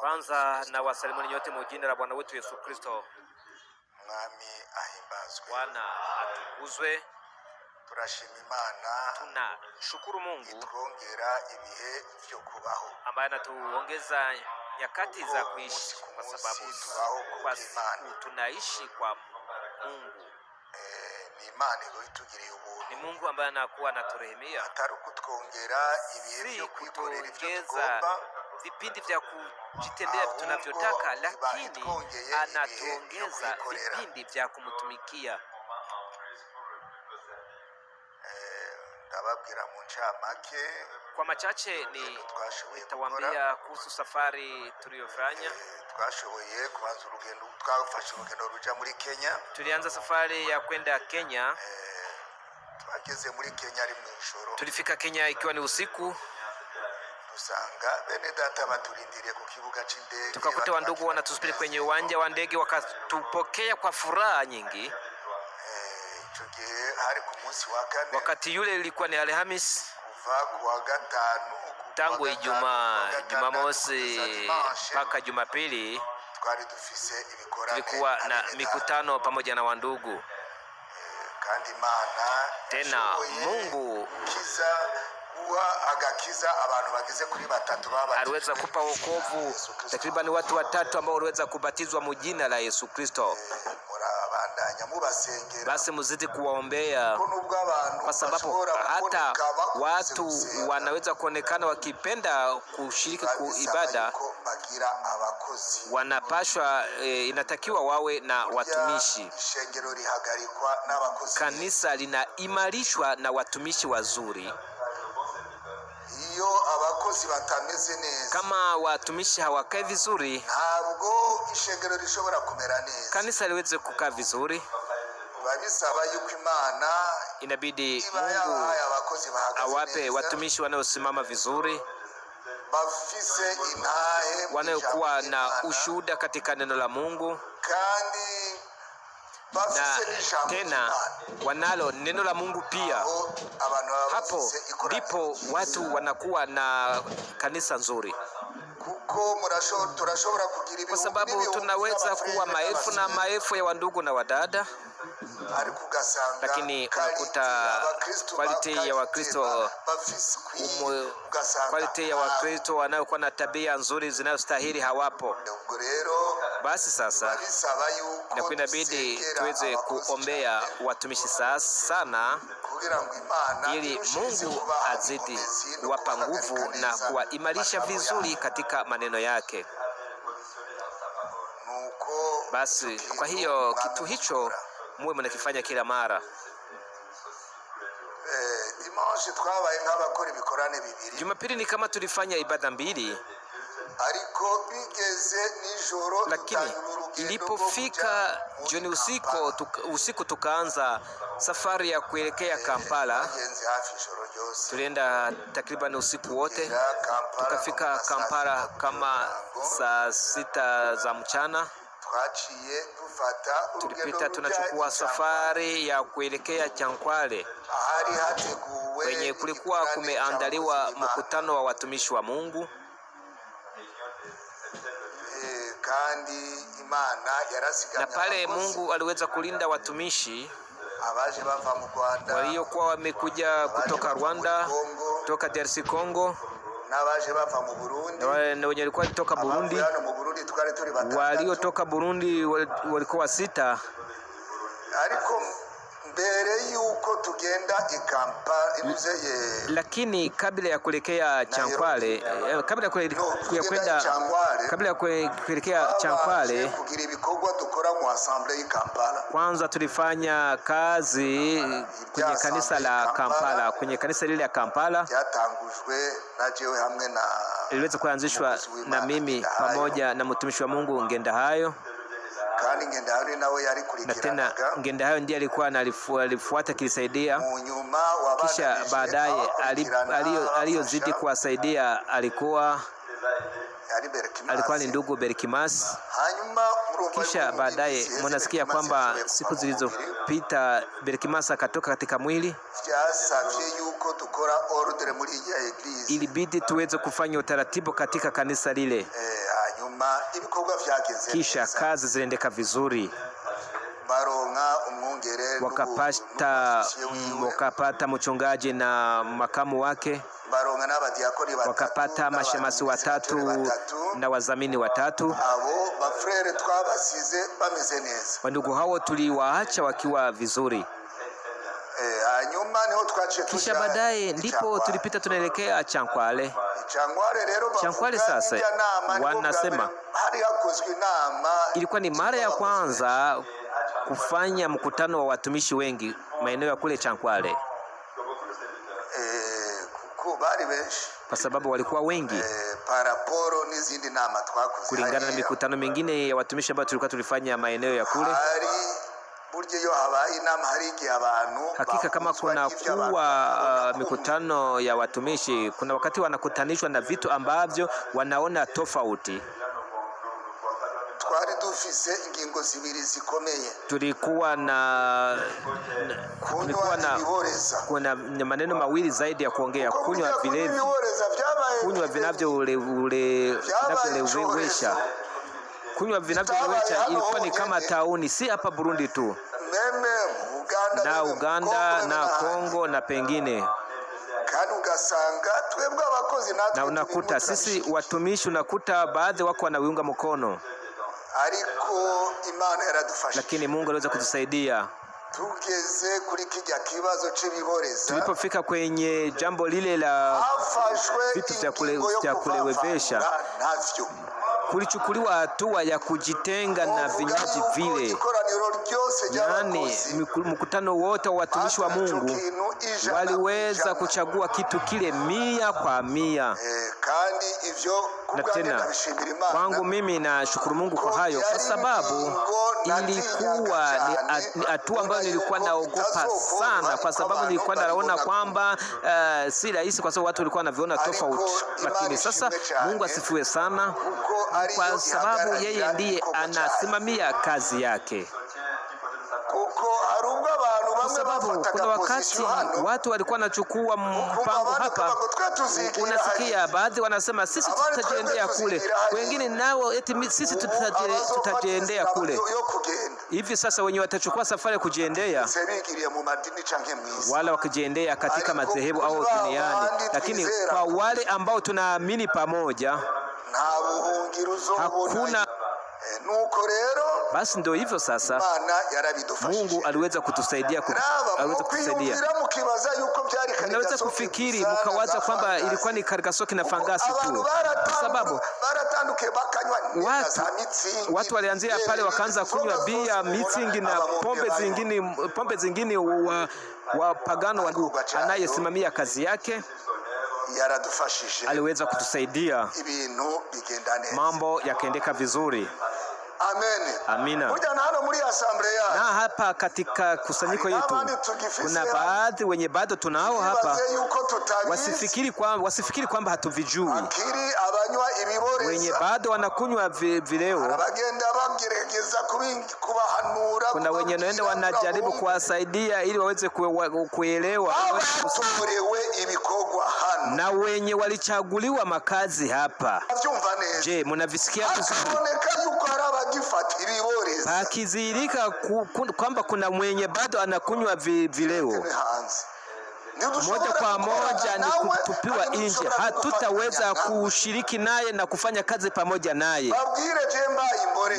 Kwanza na wasalimuni nyote mujina la Bwana wetu Yesu Kristo. Bwana atukuzwe. Turashima Imana, tunashukuru Mungu ambaye anatuongeza nyakati za kuishi, kwa sababu tunaishi kwa Mungu ni Mungu ambaye anakuwa anaturehemia, ibyo tugomba vipindi vya kujitembea tunavyotaka, lakini anatuongeza vipindi vya kumtumikia. Kwa machache ni nitawaambia kuhusu safari tuliyofanya. Eh, twashoboye kwanza urugendo, twafashe urugendo ruja muri Kenya. Tulianza safari ya kwenda Kenya. Eh, twageze muri Kenya ari mw'ijoro, tulifika Kenya ikiwa ni usiku tukakuta wandugu wanatusubiri kwenye uwanja wa ndege, wakatupokea kwa furaha nyingi. Wakati yule ilikuwa ni Alhamisi tangu Ijumaa, Jumamosi mpaka Jumapili tulikuwa na mikutano pamoja na wandugu. Eh, Tena Mungu aliweza kupa wokovu takriban watu watatu ambao waliweza kubatizwa mujina la Yesu Kristo. Eh, basi muzidi kuwaombea, kwa sababu hata watu wanaweza kuonekana wakipenda kushiriki kuibada, wanapashwa e, inatakiwa wawe na watumishi. Kanisa linaimarishwa na watumishi wazuri. Kama watumishi hawakae vizuri ha ntabwo ishengero rishobora kumera neza. Kanisa liweze kukaa vizuri bisaba yuko Imana inabidi awape watumishi wanaosimama vizuri, wanaokuwa na ushuhuda katika neno la Mungu na tena wanalo neno la Mungu pia. Hapo ndipo watu wanakuwa na kanisa nzuri kwa sababu tunaweza kuwa maelfu na maelfu ya wandugu na wadada lakini unakuta quality ya Wakristo quality ya Wakristo wanaokuwa na tabia nzuri zinazostahili hawapo. Basi sasa inabidi tuweze kuombea watumishi sana, ili Mungu azidi kuwapa nguvu na kuwaimarisha vizuri katika maneno yake. Basi kwa hiyo kitu hicho muwe mnakifanya kila mara. Eh, Jumapili ni kama tulifanya ibada mbili, lakini ilipofika jioni usiku tuka, usiku tukaanza safari ya kuelekea eh, Kampala. Tulienda takriban usiku wote, tukafika Kampala kama saa sita za mchana tulipita tunachukua safari ya kuelekea Chankwale kwenye kulikuwa kumeandaliwa mkutano wa watumishi wa Mungu eh, na pale Mungu aliweza kulinda watumishi waliokuwa wamekuja kutoka Rwanda, kutoka DRC Congo n'abaje bava mu Burundi na wenye walikuwa toka Burundi, waliotoka Burundi walikuwa sita ariko mbere yuko tugenda ikampa, lakini kabla ya kuelekea Chankwale, eh, kabla ya kuelekea Chankwale, kwanza tulifanya kazi kwenye kanisa la Kampala, kwenye kanisa lile la Kampala iliweza kuanzishwa na mimi pamoja na mtumishi wa Mungu hayo na tena ngenda hayo ndiye alikuwa alifuata kilisaidia, kisha baadaye aliyozidi kuwasaidia alikuwa alikuwa ni ndugu Berkimas kisha baadaye mnasikia kwamba siku zilizopita Berkimasa akatoka katika mwili. Ilibidi tuweze kufanya utaratibu katika kanisa lile, eh, kisha kazi ziliendeka vizuri, wakapata, wakapata mchungaji na makamu wake wakapata mashemasi watatu na wazamini watatu. Wandugu hao tuliwaacha wakiwa vizuri. Eh, Kisha baadaye ndipo tulipita tunaelekea Chankwale. Chankwale sasa, wanasema ilikuwa ni mara ya kwanza kufanya mkutano wa watumishi wengi maeneo ya kule Chankwale kwa sababu walikuwa wengi eh, kulingana na mikutano mingine ya watumishi ambayo tulikuwa tulifanya maeneo ya kule. Hakika kama kuna kuwa uh, mikutano ya watumishi, kuna wakati wanakutanishwa na vitu ambavyo wanaona tofauti dufise ingingo zibiri zikomeye. Tulikuwa na kunywa na kuna maneno mawili zaidi ya kuongea, kunywa vilevi, kunywa vinavyolewesha, kunywa vinavyolewesha ilikuwa ni kama tauni, si hapa Burundi tu na Uganda na Kongo na pengine na unakuta sisi watumishi, unakuta baadhi wako wanawiunga mkono lakini Mungu aliweza kutusaidia tulipofika kwenye jambo lile la vitu vya kulewevesha kulichukuliwa hatua ya kujitenga na vinyaji vile. Yaani, mkutano wote wa watumishi wa Mungu waliweza kuchagua kitu kile mia kwa mia. Na tena kwangu mimi nashukuru Mungu kwa hayo, kwa sababu ilikuwa ni hatua ambayo nilikuwa naogopa sana, kwa sababu nilikuwa naona kwamba uh, si rahisi, kwa sababu watu walikuwa wanaviona tofauti. Lakini sasa Mungu asifiwe sana, kwa sababu yeye ndiye anasimamia kazi yake kuna wakati watu walikuwa wanachukua mpango hapa, unasikia baadhi wanasema sisi tutajiendea kule, wengine nao eti sisi tutajiendea kule. Hivi sasa wenye watachukua safari ya kujiendea, wala wakijiendea katika madhehebu au duniani, lakini kwa wale ambao tunaamini pamoja, hakuna nuko rero basi ndio hivyo sasa, Mungu aliweza kutusaidia ku, aliweza kutusaidia. Naweza kufikiri mkawaza kwamba ilikuwa ni kargaso na fangasi tu, sababu watu, walianzia pale wakaanza kunywa bia mitsingi na pombe zingine, pombe zingine wa, wa pagano anayesimamia kazi yake aliweza kutusaidia, mambo yakaendeka vizuri. Amen. Amina. na hapa katika kusanyiko yetu kuna baadhi wenye bado tunao hapa, wasifikiri kwamba wasifikiri kwamba hatuvijui, wenye bado wanakunywa vileo. Kuna wenye naenda wanajaribu kuwasaidia ili waweze kuelewa na wenye walichaguliwa makazi hapa. Je, mnavisikia vizuri? kwamba kuna mwenye bado anakunywa vileo moja kwa moja ni kutupiwa nje, hatutaweza kushiriki naye na kufanya kazi pamoja naye.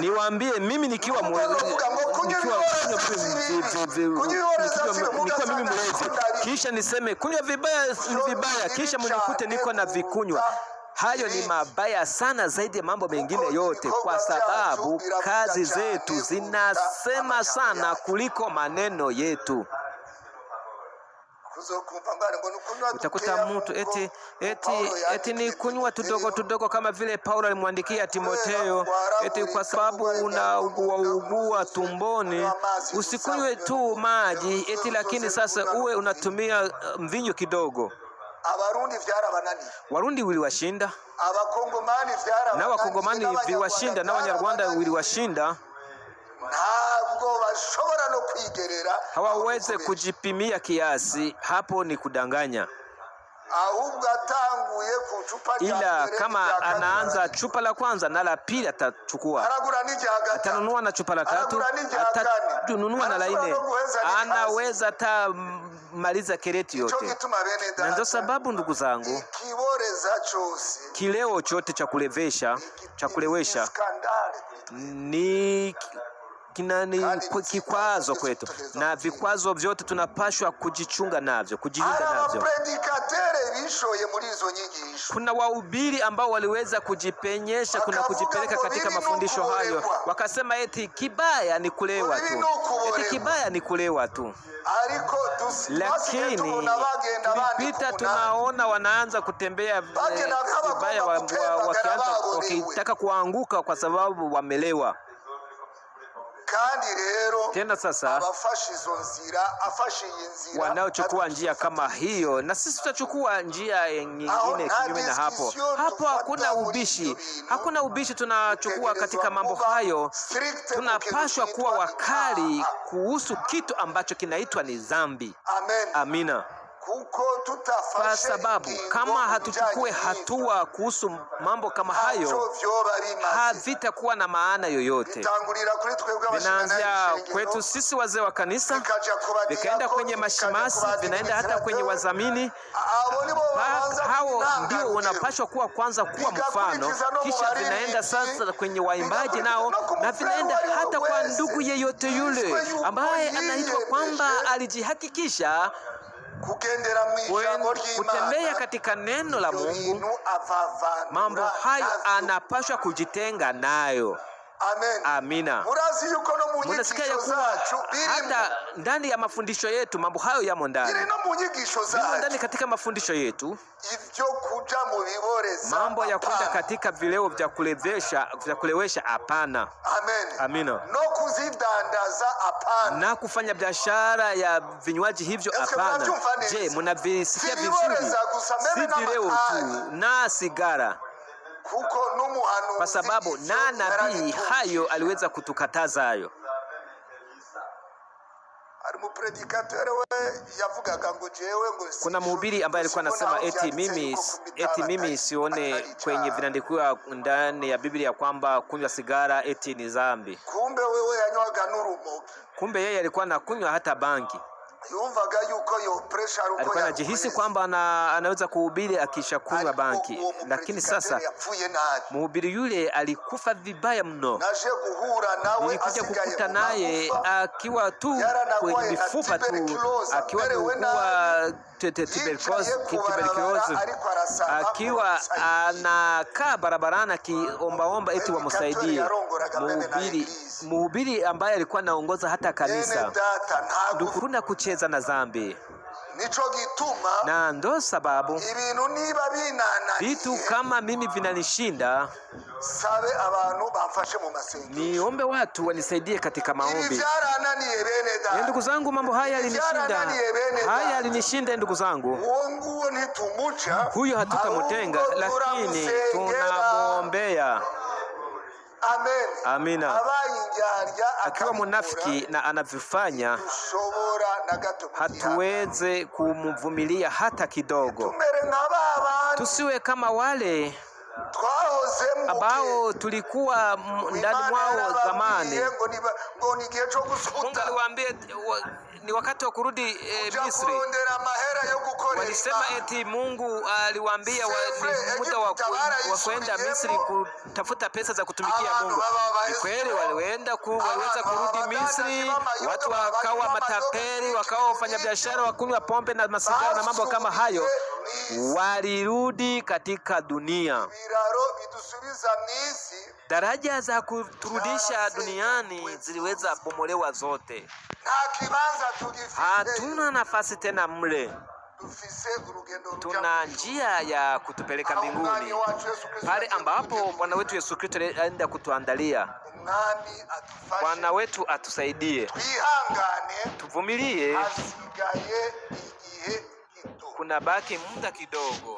Niwaambie mimi nikiwa mwenye nikiwa mimi mlezi, kisha niseme kunywa vibaya vibaya, kisha mnikute niko na vikunywa Hayo ni mabaya sana zaidi ya mambo mengine yote, kwa sababu kazi zetu zinasema sana kuliko maneno yetu. Utakuta mtu eti, eti, eti ni kunywa tudogo tudogo, kama vile Paulo alimwandikia Timotheo, eti kwa sababu unaugua tumboni usikunywe tu maji eti, lakini sasa uwe unatumia uh, mvinyo kidogo. Warundi wiliwashinda na Wakongomani viwashinda na Wanyarwanda wiliwashinda hawaweze kujipimia kiasi, hapo ni kudanganya. Ila kama anaanza chupa la kwanza na la pili, atachukua atanunua na chupa la tatu atanunua na la nne, anaweza atamaliza kereti yote. Na ndio sababu ndugu zangu, kileo chote cha kulevesha cha kulewesha ni kinani kikwazo kwetu, na vikwazo vyote tunapashwa kujichunga navyo, kujilinda navyo. Kuna wahubiri ambao waliweza kujipenyesha, kuna kujipeleka katika mafundisho hayo, wakasema eti kibaya ni kulewa tu, eti kibaya ni kulewa tu lakini tulipita tunaona wanaanza kutembea eh, vibaya, wakianza wakitaka kuanguka kwa sababu wamelewa. Kandi rero tena sasa nzira wanaochukua njia kama hiyo, na sisi tutachukua njia nyingine kinyume na hapo. Hapo hakuna ubishi, hakuna ubishi tunachukua katika mambo hayo. Tunapashwa kuwa wakali kuhusu kitu ambacho kinaitwa ni zambi Amen. Amina kwa sababu kama hatuchukue hatua kuhusu mambo kama hayo havitakuwa na maana yoyote. Vinaanzia kwetu sisi wazee wa kanisa, vikaenda kwenye mashimasi, vinaenda hata kwenye wazamini. Hao ndio unapashwa kuwa kwanza kuwa mfano, kisha vinaenda sasa kwenye waimbaji nao, na vinaenda hata kwa ndugu yeyote yule ambaye anaitwa kwamba alijihakikisha kutembea katika neno la Mungu, mambo hayo anapashwa kujitenga nayo. Amen. Amina. Munasikia ya kuwa hata ndani ya mafundisho yetu mambo hayo yamo ndani, ndani katika mafundisho yetu, mambo ya kuja katika vileo vya kulewesha, vya kulewesha hapana. Amen. Amina. No kuvidandaza hapana, na kufanya biashara ya vinywaji hivyo hapana. Je, mnavisikia vizuri? Si vileo tu na sigara kwa sababu na nabii hayo aliweza kutukataza hayo. Kuna mhubiri ambaye alikuwa anasema eti mimi, eti mimi sione kwenye vinandikiwa ndani ya Biblia kwamba kunywa sigara eti ni dhambi. Kumbe yeye alikuwa anakunywa hata bangi alikuwa anajihisi kwamba ana, anaweza kuhubiri akishakunywa banki lakini sasa mhubiri yule alikufa vibaya mno. Nilikuja kukuta naye akiwa tu kwenye mifupa tu, akiwa ameugua tuberculosis, akiwa anakaa barabarani akiombaomba eti wamsaidie. Mhubiri, mhubiri ambaye alikuwa anaongoza hata kanisa. dukuna kucheza na zambi na ndo sababu vitu kama mimi vinanishinda abantu bamfashe mu masengesho. Niombe watu wanisaidie katika maombi. Eh, ndugu zangu, mambo haya yalinishinda, haya yalinishinda ndugu zangu. Huyo hatutamtenga, lakini tunamwombea. Amen. Amina. Akiwa munafiki na anavyofanya, hatuweze kumvumilia hata kidogo. Tusiwe kama wale ambao tulikuwa ndani mwao zamani. Mungu aliwaambia ni wakati wa kurudi eh, Misri. Walisema eti Mungu aliwaambia wa, ni muda wa kwenda Misri kutafuta pesa za kutumikia Mungu. Ni kweli walienda waliweza kurudi Misri, watu wakawa matapeli, wakawa wafanyabiashara, wakunywa pombe na masigara na mambo kama hayo walirudi katika dunia. Daraja za kuturudisha duniani ziliweza bomolewa zote, hatuna nafasi tena mle tuna njia ya kutupeleka mbinguni pale ambapo Bwana wetu Yesu Kristo aenda kutuandalia. Bwana wetu atusaidie, tuvumilie. Kuna baki muda kidogo.